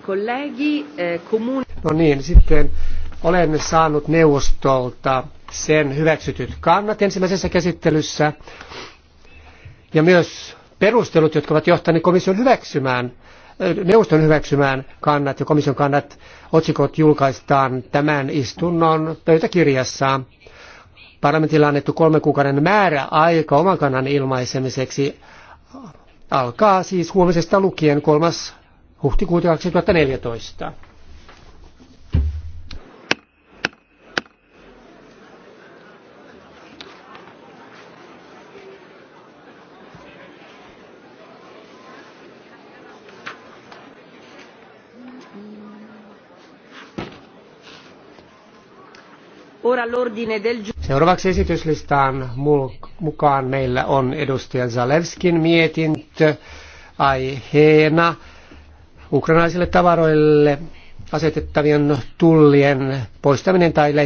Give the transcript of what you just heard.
Kollegi, eh, kommun... No niin, sitten olen saanut neuvostolta sen hyväksytyt kannat ensimmäisessä käsittelyssä ja myös perustelut, jotka ovat johtaneet komission hyväksymään neuvoston hyväksymään kannat ja komission kannat otsikot julkaistaan tämän istunnon pöytäkirjassa. Parlamentilla annettu kolmen kuukauden aika oman kannan ilmaisemiseksi alkaa siis huomisesta lukien 3. huhtikuuta 2014. Seuraavaksi esityslistaan mukaan meillä on edustaja Zalevskin mietintö aiheena ukrainalaisille tavaroille asetettavien tullien poistaminen tai leikkaaminen.